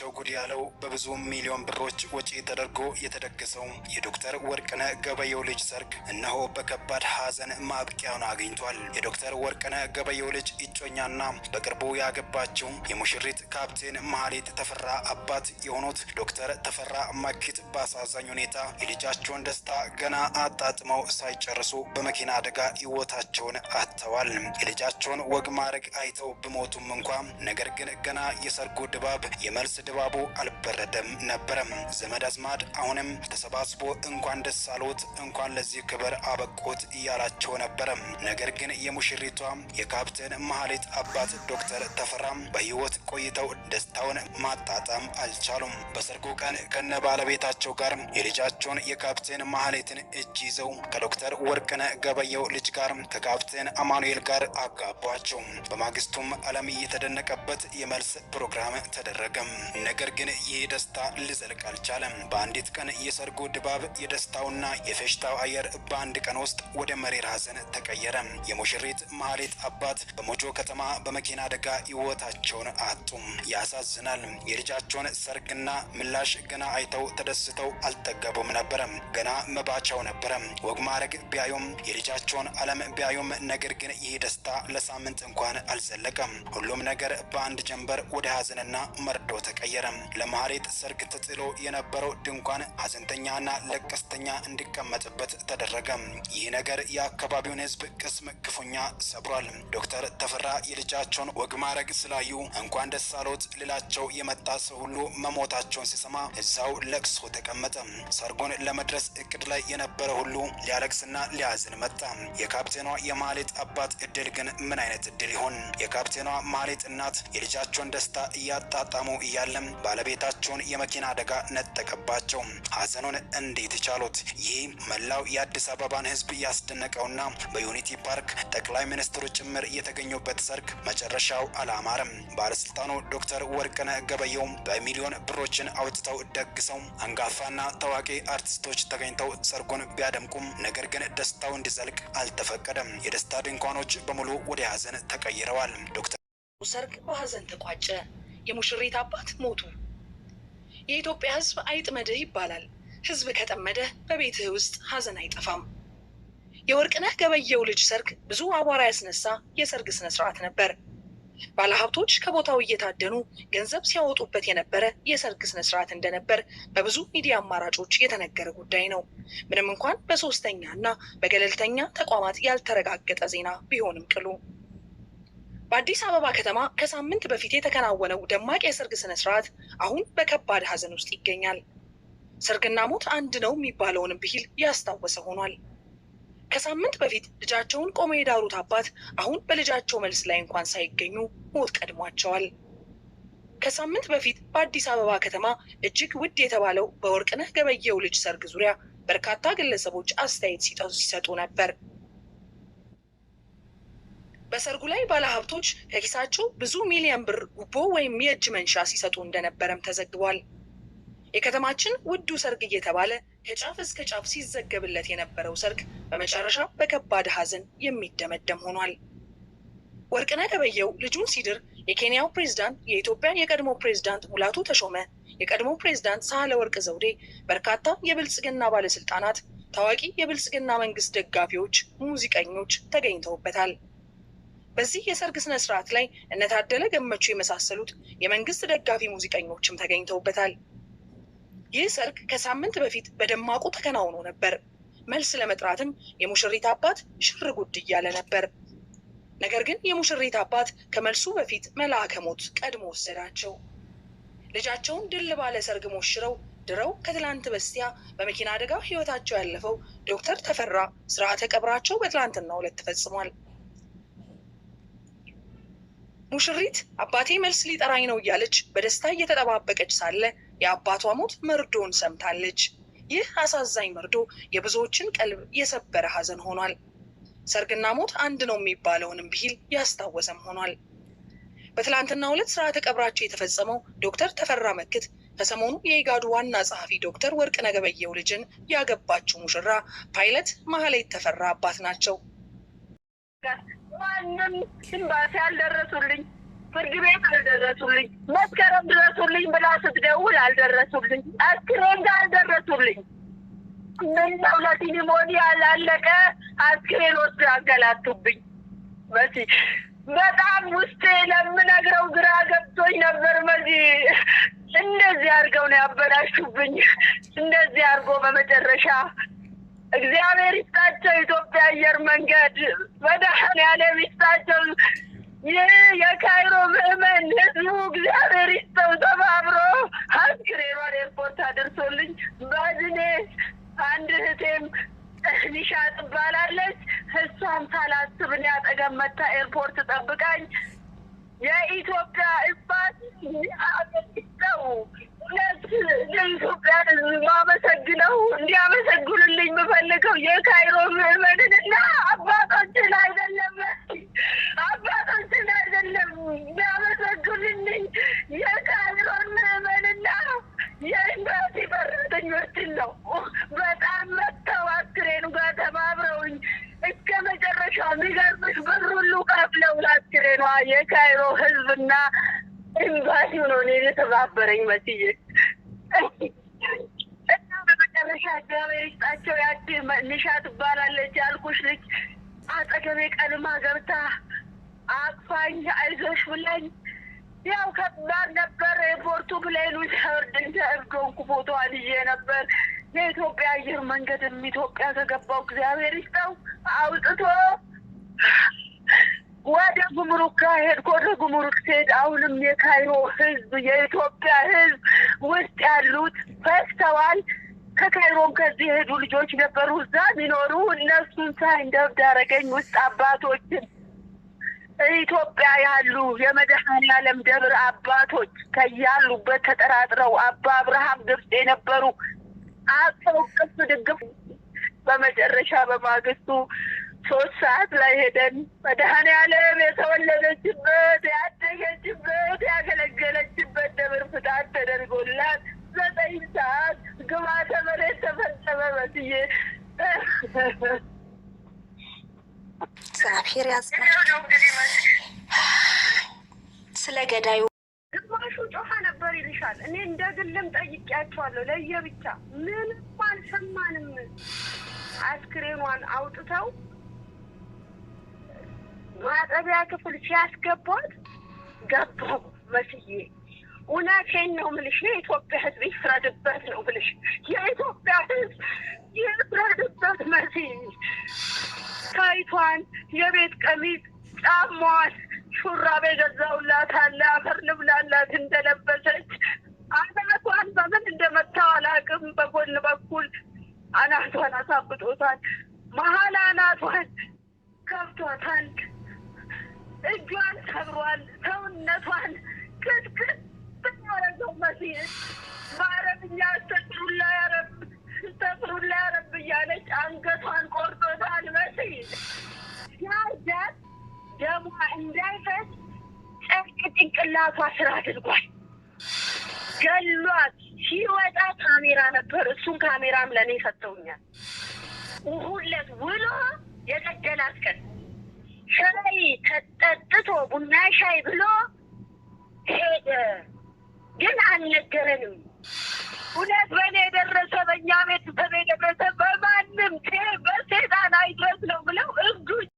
ናቸው ጉድ ያለው በብዙ ሚሊዮን ብሮች ወጪ ተደርጎ የተደገሰው የዶክተር ወርቅነ ገበየው ልጅ ሰርግ እነሆ በከባድ ሀዘን ማብቂያውን አግኝቷል። የዶክተር ወርቅነ ገበየው ልጅ እጮኛና በቅርቡ ያገባቸው የሙሽሪት ካፕቴን መሀሌት ተፈራ አባት የሆኑት ዶክተር ተፈራ ማኪት በአሳዛኝ ሁኔታ የልጃቸውን ደስታ ገና አጣጥመው ሳይጨርሱ በመኪና አደጋ ሕይወታቸውን አጥተዋል። የልጃቸውን ወግ ማድረግ አይተው ብሞቱም እንኳ ነገር ግን ገና የሰርጉ ድባብ የመልስ ድባቡ አልበረደም ነበረም። ዘመድ አዝማድ አሁንም ተሰባስቦ እንኳን ደስ አሎት እንኳን ለዚህ ክብር አበቆት እያላቸው ነበረም። ነገር ግን የሙሽሪቷ የካፕቴን መሀሌት አባት ዶክተር ተፈራም በህይወት ቆይተው ደስታውን ማጣጣም አልቻሉም። በሰርጉ ቀን ከነ ባለቤታቸው ጋር የልጃቸውን የካፕቴን መሀሌትን እጅ ይዘው ከዶክተር ወርቅነ ገበየው ልጅ ጋር ከካፕቴን አማኑኤል ጋር አጋቧቸው። በማግስቱም ዓለም እየተደነቀበት የመልስ ፕሮግራም ተደረገም። ነገር ግን ይህ ደስታ ሊዘልቅ አልቻለም። በአንዲት ቀን የሰርጉ ድባብ፣ የደስታውና የፌሽታው አየር በአንድ ቀን ውስጥ ወደ መሬር ሐዘን ተቀየረ። የሙሽሪት መሀሌት አባት በሞጆ ከተማ በመኪና አደጋ ሕይወታቸውን አጡም። ያሳዝናል። የልጃቸውን ሰርግና ምላሽ ገና አይተው ተደስተው አልጠገቡም ነበረም። ገና መባቻው ነበረም። ወግ ማዕረግ ቢያዩም የልጃቸውን አለም ቢያዩም፣ ነገር ግን ይህ ደስታ ለሳምንት እንኳን አልዘለቀም። ሁሉም ነገር በአንድ ጀንበር ወደ ሐዘንና መርዶ ተቀ አልቀየረም። ለማህሌት ሰርግ ተጥሎ የነበረው ድንኳን ሀዘንተኛና ለቀስተኛ እንዲቀመጥበት ተደረገ። ይህ ነገር የአካባቢውን ህዝብ ቅስም ክፉኛ ሰብሯል። ዶክተር ተፈራ የልጃቸውን ወግ ማድረግ ስላዩ እንኳን ደስ አሎት ልላቸው የመጣ ሰው ሁሉ መሞታቸውን ሲሰማ እዛው ለቅሶ ተቀመጠ። ሰርጉን ለመድረስ እቅድ ላይ የነበረ ሁሉ ሊያለቅስና ሊያዝን መጣ። የካፕቴኗ የማህሌት አባት እድል ግን ምን አይነት እድል ይሆን? የካፕቴኗ ማህሌት እናት የልጃቸውን ደስታ እያጣጣሙ እያለ እያለም ባለቤታቸውን የመኪና አደጋ ነጠቀባቸው። ሀዘኑን እንዴት ቻሉት? ይህ መላው የአዲስ አበባን ሕዝብ ያስደነቀውና በዩኒቲ ፓርክ ጠቅላይ ሚኒስትሩ ጭምር የተገኙበት ሰርግ መጨረሻው አላማረም። ባለስልጣኑ ዶክተር ወርቅነህ ገበየው በሚሊዮን ብሮችን አውጥተው ደግሰው አንጋፋና ታዋቂ አርቲስቶች ተገኝተው ሰርጉን ቢያደምቁም ነገር ግን ደስታው እንዲዘልቅ አልተፈቀደም። የደስታ ድንኳኖች በሙሉ ወደ ሀዘን ተቀይረዋል። ዶክተር ሰርግ በሀዘን ተቋጨ። የሙሽሪት አባት ሞቱ። የኢትዮጵያ ህዝብ አይጥመድህ ይባላል። ህዝብ ከጠመደህ በቤትህ ውስጥ ሀዘን አይጠፋም። የወርቅነህ ገበየው ልጅ ሰርግ ብዙ አቧራ ያስነሳ የሰርግ ስነ ስርዓት ነበር። ባለሀብቶች ከቦታው እየታደኑ ገንዘብ ሲያወጡበት የነበረ የሰርግ ስነ ስርዓት እንደነበር በብዙ ሚዲያ አማራጮች የተነገረ ጉዳይ ነው። ምንም እንኳን በሶስተኛ እና በገለልተኛ ተቋማት ያልተረጋገጠ ዜና ቢሆንም ቅሉ በአዲስ አበባ ከተማ ከሳምንት በፊት የተከናወነው ደማቅ የሰርግ ስርዓት አሁን በከባድ ሀዘን ውስጥ ይገኛል። ሰርግና ሞት አንድ ነው የሚባለውን ብሂል ያስታወሰ ሆኗል። ከሳምንት በፊት ልጃቸውን ቆመው የዳሩት አባት አሁን በልጃቸው መልስ ላይ እንኳን ሳይገኙ ሞት ቀድሟቸዋል። ከሳምንት በፊት በአዲስ አበባ ከተማ እጅግ ውድ የተባለው በወርቅነህ ገበየው ልጅ ሰርግ ዙሪያ በርካታ ግለሰቦች አስተያየት ሲሰጡ ነበር። በሰርጉ ላይ ባለሀብቶች ከኪሳቸው ብዙ ሚሊዮን ብር ጉቦ ወይም የእጅ መንሻ ሲሰጡ እንደነበረም ተዘግቧል። የከተማችን ውዱ ሰርግ እየተባለ ከጫፍ እስከ ጫፍ ሲዘገብለት የነበረው ሰርግ በመጨረሻ በከባድ ሀዘን የሚደመደም ሆኗል። ወርቅነህ ገበየሁ ልጁን ሲድር የኬንያው ፕሬዝዳንት፣ የኢትዮጵያ የቀድሞ ፕሬዝዳንት ሙላቱ ተሾመ፣ የቀድሞ ፕሬዝዳንት ሳህለ ወርቅ ዘውዴ፣ በርካታ የብልጽግና ባለስልጣናት፣ ታዋቂ የብልጽግና መንግስት ደጋፊዎች፣ ሙዚቀኞች ተገኝተውበታል። በዚህ የሰርግ ስነ ስርዓት ላይ እነታደለ ገመቹ የመሳሰሉት የመንግስት ደጋፊ ሙዚቀኞችም ተገኝተውበታል። ይህ ሰርግ ከሳምንት በፊት በደማቁ ተከናውኖ ነበር። መልስ ለመጥራትም የሙሽሪት አባት ሽር ጉድ እያለ ነበር። ነገር ግን የሙሽሪት አባት ከመልሱ በፊት መልአከ ሞት ቀድሞ ወሰዳቸው። ልጃቸውን ድል ባለ ሰርግ ሞሽረው ድረው ከትላንት በስቲያ በመኪና አደጋ ህይወታቸው ያለፈው ዶክተር ተፈራ ስርዓተ ቀብራቸው በትላንትና ዕለት ተፈጽሟል። ሙሽሪት አባቴ መልስ ሊጠራኝ ነው እያለች በደስታ እየተጠባበቀች ሳለ የአባቷ ሞት መርዶን ሰምታለች። ይህ አሳዛኝ መርዶ የብዙዎችን ቀልብ የሰበረ ሐዘን ሆኗል። ሰርግና ሞት አንድ ነው የሚባለውንም ብሂል ያስታወሰም ሆኗል። በትላንትና ሁለት ስርዓተ ቀብራቸው የተፈጸመው ዶክተር ተፈራ መክት ከሰሞኑ የኢጋዱ ዋና ጸሐፊ ዶክተር ወርቅ ነገበየው ልጅን ያገባችው ሙሽራ ፓይለት ማህሌት ተፈራ አባት ናቸው። ማንም ኤምባሲ አልደረሱልኝ፣ ፍርድ ቤት አልደረሱልኝ፣ መስከረም ድረሱልኝ ብላ ስትደውል አልደረሱልኝ፣ አስክሬን ጋር አልደረሱልኝ። ምን ነው ለሲኒሞኒያ ያላለቀ አስክሬን ወስድ አገላቱብኝ። መሲ በጣም ውስጤ ለምነግረው ግራ ገብቶኝ ነበር። መሲ እንደዚህ አድርገው ነው ያበላሹብኝ። እንደዚህ አድርጎ በመጨረሻ እግዚአብሔር ይስጣቸው። ኢትዮጵያ አየር መንገድ መድኃኔዓለም ይስጣቸው። ይህ የካይሮ ምዕመን ህዝቡ እግዚአብሔር ይስጠው። ተባብሮ ሀንክሬሯን ኤርፖርት አድርሶልኝ ባዝኔ አንድ እህቴም ኒሻ ትባላለች። እሷም ሳላስብን ያጠገብ መታ ኤርፖርት ጠብቃኝ የኢትዮጵያ እባት ይስጠው። ለኢትዮጵያን ሕዝብ ማመሰግነው እንዲያመሰግኑልኝ የምፈልገው የካይሮ ምዕመንን እና አባቶችን አይደለም አባቶችን አይደለም ያመሰግኑልኝ የካይሮን ምዕመንና የኤምባሲ በረተኞችን ነው። በጣም መጥተው አስክሬኑ ጋር ተባብረውኝ እስከ መጨረሻ የሚገርምሽ ብር ሁሉ ከፍለው ለአስክሬኗ የካይሮ ሕዝብና ኤምባሲው ነው እኔ የተባበረኝ መትዬ እና በመጨረሻ እግዚአብሔር ይስጣቸው። ያቺ ንሻ ትባላለች ያልኩሽ ልጅ አጠገቤ ቀልማ ገብታ አቅፋኝ አይዞሽ ብላኝ ያው ከባድ ነበር። ኤርፖርቱ ብሌኑ ሲወርድ እንደ እብድ ፎቶ አንዬ ነበር የኢትዮጵያ አየር መንገድም ኢትዮጵያ ከገባው እግዚአብሔር ይስጠው አውጥቶ ወደ ጉምሩክ ካሄድኩ ወደ ጉምሩክ ስሄድ አሁንም የካይሮ ህዝብ የኢትዮጵያ ህዝብ ውስጥ ያሉት ፈስተዋል። ከካይሮም ከዚህ የሄዱ ልጆች ነበሩ እዛ የሚኖሩ እነሱን ሳይ እንደብድ አደረገኝ። ውስጥ አባቶችን ኢትዮጵያ ያሉ የመድኃኔዓለም ደብር አባቶች ከያሉበት ተጠራጥረው አባ አብርሃም ግብጽ የነበሩ አጥተው ቅፍ ድግፍ በመጨረሻ በማግስቱ ሶስት ሰዓት ላይ ሄደን መድኃኔዓለም የተወለደችበት ያደገችበት ያገለገለችበት ደብር ፍጣት ተደርጎላት ዘጠኝ ሰዓት ግባተ መሬት ተፈጸመ። መስዬ እግዚአብሔር ያዝነው ስለ ገዳዩ ግማሹ ጮኸ ነበር ይልሻል። እኔ እንደ ግልም ጠይቄያቸዋለሁ ለየብቻ ምንም አልሰማንም። አስክሬኗን አውጥተው ማጠቢያ ክፍል ሲያስገቧት ገባው መስዬ እውነቴን ነው ምልሽ። የኢትዮጵያ ህዝብ ይፍረድበት ነው ምልሽ። የኢትዮጵያ ህዝብ ይፍረድበት መስዬ ታይቷን፣ የቤት ቀሚስ፣ ጫማዋን፣ ሹራብ የገዛውላት አለ አፈር ልብላላት እንደለበሰች አናቷን በምን እንደመታው አላውቅም። በጎን በኩል አናቷን አሳብጦታል። መሀል አናቷን ከብቷታል። እጇን ሰብሯል። ሰውነቷን ክትክት ያረገው መሲል በአረብኛ ተጥሩላ ያረብ ተጥሩላ ያረብ እያለች አንገቷን ቆርጦታል። መሲ ሲያርዳት ደሟ እንዳይፈስ ጨርቅ ጭንቅላቷ ስራ አድርጓል። ገሏት። ሲወጣ ካሜራ ነበር። እሱን ካሜራም ለእኔ ሰጥተውኛል። ሁለት ውሎ የገደላት ቀን ጠጥቶ ቡና ሻይ ብሎ ሄደ። ግን አልነገረንም። እውነት በእኔ የደረሰ በእኛ ቤት ቤተሰብ የደረሰ በማንም በሴጣን አይድረስ ነው ብለው እብዱን